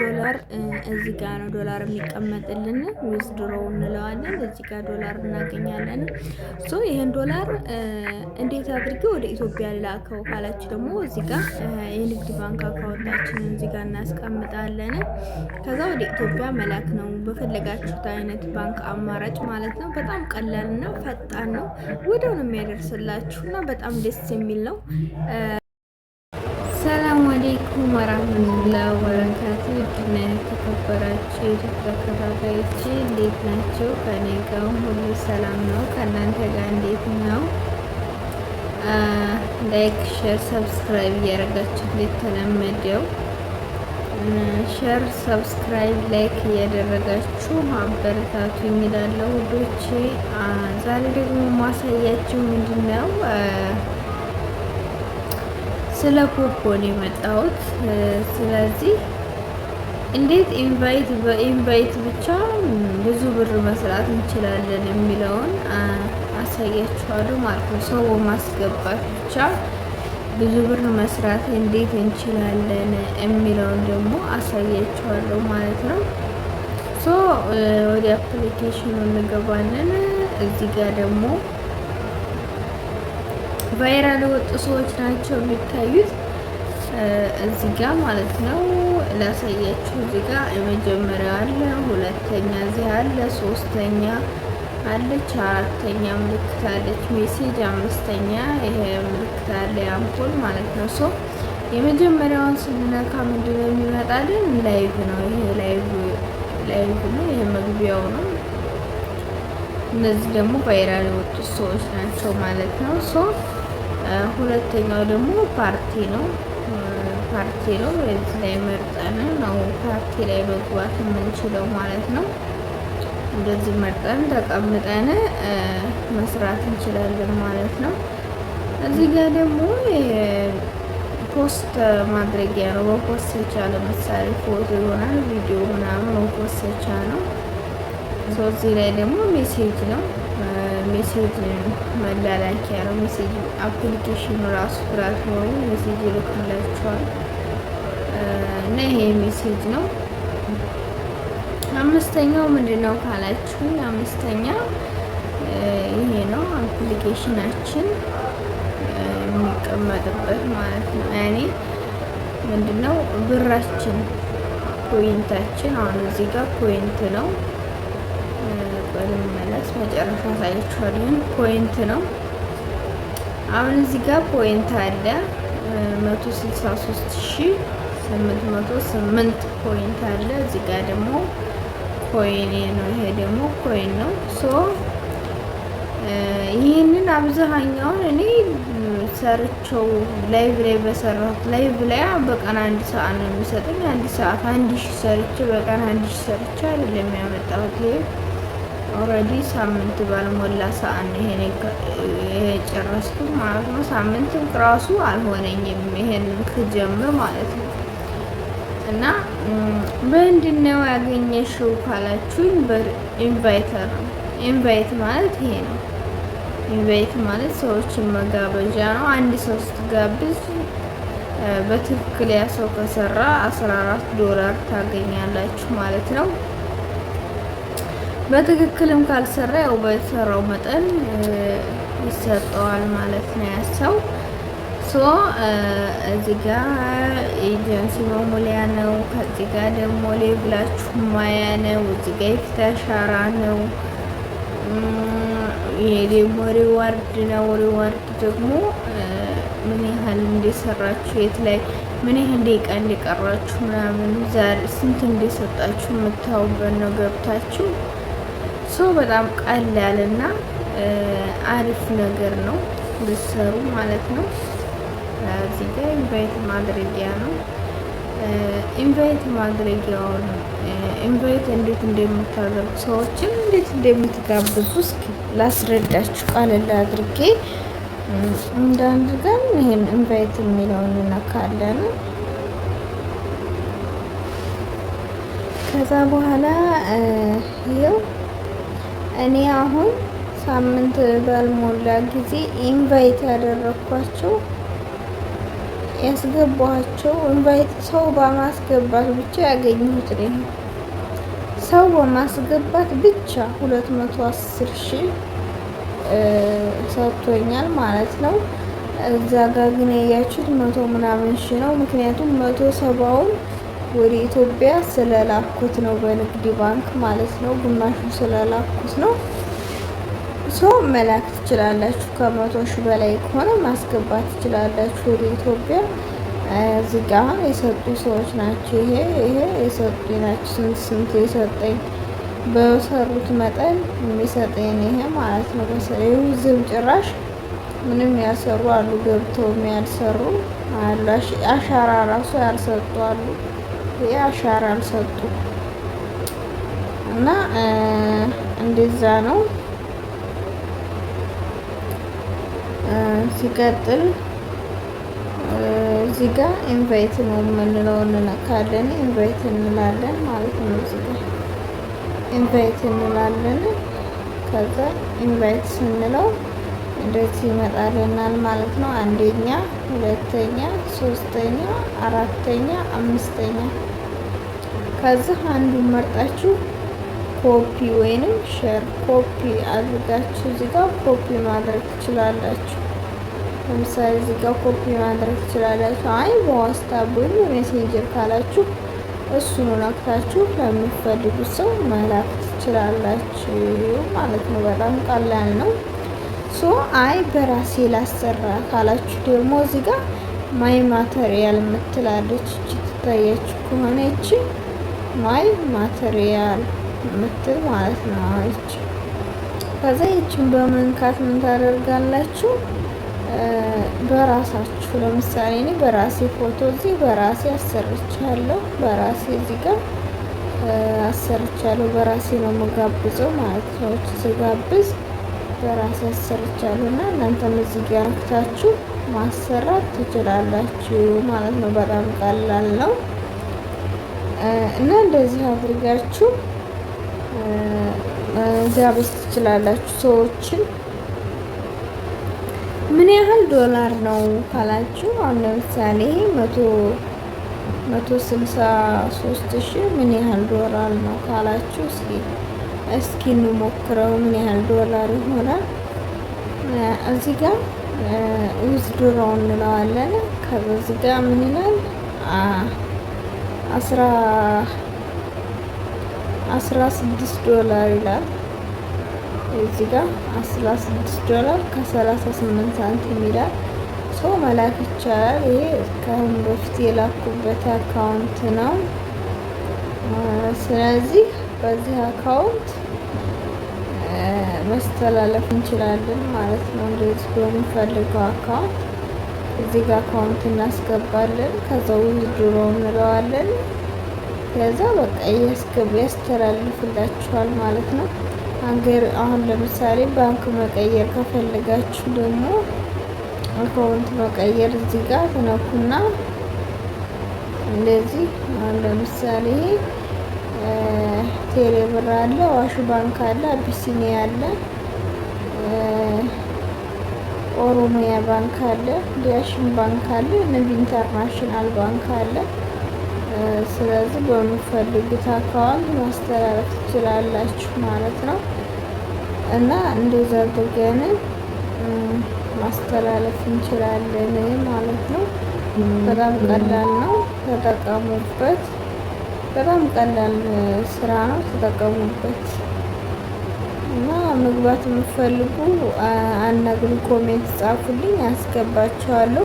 ዶላር እዚህ ጋ ነው ዶላር የሚቀመጥልን፣ ዊዝ ድሮ እንለዋለን። እዚ ጋ ዶላር እናገኛለን። ሶ ይህን ዶላር እንዴት አድርጌ ወደ ኢትዮጵያ ልላከው ካላችሁ ደግሞ እዚ ጋ የንግድ ባንክ አካውንታችንን እዚ ጋ እናስቀምጣለን። ከዛ ወደ ኢትዮጵያ መላክ ነው፣ በፈለጋችሁት አይነት ባንክ አማራጭ ማለት ነው። በጣም ቀላል እና ፈጣን ነው፣ ወደውን የሚያደርስላችሁ እና በጣም ደስ የሚል ነው። ሰላም አሌይኩም ወራህመቱላሂ ወበረካ የተከበራችሁ የኢትዮጵያ ተከታታዮች እንዴት ናቸው? ከኔ ጋር ሁሉ ሰላም ነው። ከእናንተ ጋር እንዴት ነው? ላይክ፣ ሸር፣ ሰብስክራይብ እያደረጋችሁ እንደተለመደው ሸር፣ ሰብስክራይብ፣ ላይክ እያደረጋችሁ አበረታቱ የሚላለው ውዶቼ። ዛሬ ደግሞ ማሳያችሁ ምንድን ነው ስለ ኮኮ ነው የመጣሁት። ስለዚህ እንዴት ኢንቫይት በኢንቫይት ብቻ ብዙ ብር መስራት እንችላለን የሚለውን አሳያችኋለሁ ማለት ነው። ሰው ማስገባት ብቻ ብዙ ብር መስራት እንዴት እንችላለን የሚለውን ደግሞ አሳያችኋለሁ ማለት ነው። ሶ ወደ አፕሊኬሽኑ እንገባለን። እዚህ ጋር ደግሞ ቫይራል ወጡ ሰዎች ናቸው የሚታዩት እዚህ ጋር ማለት ነው። ላሳያችሁ። እዚህ ጋር የመጀመሪያ አለ፣ ሁለተኛ እዚህ አለ፣ ሶስተኛ አለች፣ አራተኛ ምልክት አለች፣ ሜሴጅ፣ አምስተኛ ይሄ ምልክት አለ፣ አምፖል ማለት ነው። ሶ የመጀመሪያውን ስንነካ ምንድን ነው የሚመጣልን? ላይቭ ነው። ይሄ ላይቭ ነው። ይሄ መግቢያው ነው። እነዚህ ደግሞ ቫይራል የወጡ ሰዎች ናቸው ማለት ነው። ሶ ሁለተኛው ደግሞ ፓርቲ ነው። ፓርቲ ነው። እዚህ ላይ መርጠን ነው ፓርቲ ላይ መግባት የምንችለው ማለት ነው። እንደዚህ መርጠን ተቀምጠን መስራት እንችላለን ማለት ነው። እዚህ ጋር ደግሞ ፖስት ማድረጊያ ነው። በፖስተቻ ለምሳሌ ፎቶ ይሆናል ቪዲዮ ምናምን በፖስተቻ ነው። እዚህ ላይ ደግሞ ሜሴጅ ነው። ሜሴጅ መላላኪያ ነው። ሜሴጅ አፕሊኬሽኑ ራሱ ፕላትፎርም ሜሴጅ ይልክላችኋል እና ይሄ ሜሴጅ ነው። አምስተኛው ምንድን ነው ካላችሁ፣ አምስተኛ ይሄ ነው አፕሊኬሽናችን የሚቀመጥበት ማለት ነው። ያኔ ምንድን ነው ብራችን ፖይንታችን፣ አሁን እዚህ ጋር ፖይንት ነው በልመለስ መጨረሻ ሳያችኋለን። ፖይንት ነው። አሁን እዚህ ጋር ፖይንት አለ 163808 ፖይንት አለ። እዚህ ጋር ደግሞ ኮይን ነው። ይሄ ደግሞ ኮይን ነው። ሶ ይህንን አብዛኛውን እኔ ሰርቸው ላይቭ ላይ በሰራሁት ላይቭ ላይ በቀን አንድ ሰዓት ነው የሚሰጠኝ። አንድ ሰዓት አንድ ሺህ ሰርቼ በቀን አንድ ሺህ ሰርቼ አይደለም ያመጣሁት ይሄ ኦልሬዲ ሳምንት ባልሞላ ሰዓት ነው ይሄ ጨረስኩት ማለት ነው። ሳምንትም ራሱ አልሆነኝም ይሄን ክጀምር ማለት ነው። እና ምንድን ነው ያገኘሽው ካላችሁኝ ኢንቫይተር ነው። ኢንቫይት ማለት ይሄ ነው። ኢንቫይት ማለት ሰዎችን መጋበዣ ነው። አንድ ሰው ስትጋብዝ በትክክል ያ ሰው ከሰራ 14 ዶላር ታገኛላችሁ ማለት ነው። በትክክልም ካልሰራ ያው በሰራው መጠን ይሰጠዋል ማለት ነው። ያሰው ሶ እዚህ ጋ ኤጀንሲ መሙሊያ ነው። ከዚህ ጋ ደግሞ ሌብላችሁ ማያ ነው። እዚህ ጋ የፊት አሻራ ነው። ይሄ ደግሞ ሪዋርድ ነው። ሪዋርድ ደግሞ ምን ያህል እንደሰራችሁ የት ላይ ምን ያህል ደቂቃ እንደቀራችሁ ምናምን ዛሬ ስንት እንደሰጣችሁ የምታውበት ነው ገብታችሁ ሶ በጣም ያለና አሪፍ ነገር ነው ልሰሩ ማለት ነው። እዚህ ኢንቫይት ማድረጊያ ነው። ኢንቫይት ማድረጊያውን ኢንቫይት እንዴት እንደምታደርጉ ሰዎችን እንዴት እንደምትጋብዙ እስኪ ላስረዳችሁ ቃለላ አድርጌ እንዳንድ ጋር ይህን ኢንቫይት የሚለውን እንነካለን። ከዛ በኋላ ይኸው እኔ አሁን ሳምንት ባልሞላ ጊዜ ኢንቫይት ያደረግኳቸው ያስገባቸው ኢንቫይት ሰው በማስገባት ብቻ ያገኘሁት ነው። ሰው በማስገባት ብቻ 210 መቶ ሺህ ሰጥቶኛል ማለት ነው። እዛ ጋር ግን ያያችሁት መቶ ምናምን ሺህ ነው። ምክንያቱም መቶ ሰባውን ወደ ኢትዮጵያ ስለላኩት ነው፣ በንግድ ባንክ ማለት ነው። ግማሹ ስለላኩት ነው። ሶ መላክ ትችላላችሁ። ከመቶ ሺህ በላይ ከሆነ ማስገባት ትችላላችሁ ወደ ኢትዮጵያ። እዚህ ጋ የሰጡ ሰዎች ናቸው። ይሄ ይሄ የሰጡ ናቸው። ስንት ስንት የሰጠኝ በሰሩት መጠን የሚሰጠኝ ይሄ ማለት ነው። ዝም ጭራሽ ምንም ያሰሩ አሉ፣ ገብተው ያልሰሩ አሉ፣ አሻራ ራሱ ያልሰጡ አሉ። የአሻራ አልሰጡ እና እንደዛ ነው። ሲቀጥል እዚህ ጋር ኢንቫይት ነው የምንለው እንነካለን። ኢንቫይት እንላለን ማለት ነው። እዚህ ጋር ኢንቫይት እንላለን። ከዛ ኢንቫይት ስንለው እንደዚህ ይመጣልናል ማለት ነው። አንደኛ፣ ሁለተኛ፣ ሶስተኛ፣ አራተኛ፣ አምስተኛ ከዚህ አንዱን መርጣችሁ ኮፒ ወይንም ሼር ኮፒ አድርጋችሁ እዚህ ጋር ኮፒ ማድረግ ትችላላችሁ። ለምሳሌ እዚህ ጋር ኮፒ ማድረግ ትችላላችሁ። አይ በዋትስአፕ ወይም በሜሴንጀር ካላችሁ እሱን ነክታችሁ ለምትፈልጉት ሰው መላክ ትችላላችሁ ማለት ነው። በጣም ቀላል ነው። ሶ አይ በራሴ ላሰራ ካላችሁ ደግሞ እዚህ ጋር ማይ ማተሪያል የምትላለች እቺ ትታያችሁ ከሆነ እቺ ማይ ማተሪያል የምትል ማለት ነው። እቺ ከዛ ይችን በመንካት ምን ታደርጋላችሁ? በራሳችሁ ለምሳሌ እኔ በራሴ ፎቶ እዚህ በራሴ አሰርቻለሁ። በራሴ እዚህ ጋር አሰርቻለሁ። በራሴ ነው የምጋብዘው ማለት ነው። ስጋብዝ በራሴ አሰርቻለሁ እና እናንተም እዚህ ጋ ማሰራት ትችላላችሁ ማለት ነው። በጣም ቀላል ነው እና እንደዚህ አድርጋችሁ ጋበዝ ትችላላችሁ ሰዎችን። ምን ያህል ዶላር ነው ካላችሁ፣ አሁን ለምሳሌ መቶ መቶ ስልሳ ሶስት ሺህ ምን ያህል ዶላር ነው ካላችሁ እስኪ እስኪ እንሞክረው ምን ያህል ዶላር ይሆናል። እዚህ ጋር ዊዝድሮው እንለዋለን። ከዚ ጋር ምን ይላል አስራ አስራ ስድስት ዶላር ይላል። እዚህ ጋር አስራ ስድስት ዶላር ከሰላሳ ስምንት ሳንቲም ይላል። ሰው መላክ ይቻላል። ይሄ ከአሁን በፊት የላኩበት አካውንት ነው። ስለዚህ በዚህ አካውንት መስተላለፍ እንችላለን ማለት ነው። እንደዚህ በምንፈልገው አካውንት እዚህ ጋር አካውንት እናስገባለን። ከዛ ድሮ እንለዋለን። ከዛ በቃ እያስገባ ያስተላልፍላችኋል ማለት ነው። አንገር አሁን ለምሳሌ ባንክ መቀየር ከፈለጋችሁ ደግሞ አካውንት መቀየር እዚህ ጋር ትነኩና እንደዚህ አሁን ለምሳሌ ቴሌ ብር አለ፣ ዋሹ ባንክ አለ፣ አቢሲኒያ አለ፣ ኦሮሚያ ባንክ አለ፣ ዳሽን ባንክ አለ፣ ንብ ኢንተርናሽናል ባንክ አለ። ስለዚህ በምፈልጉት አካውንት ማስተላለፍ ትችላላችሁ ማለት ነው እና እንደዛ አድርገን ማስተላለፍ እንችላለን ማለት ነው። በጣም ቀላል ነው። ተጠቀሙበት። በጣም ቀላል ስራ ነው፣ ተጠቀሙበት እና መግባት የምትፈልጉ አናግሩ፣ ኮሜንት ጻፉልኝ፣ አስገባችኋለሁ።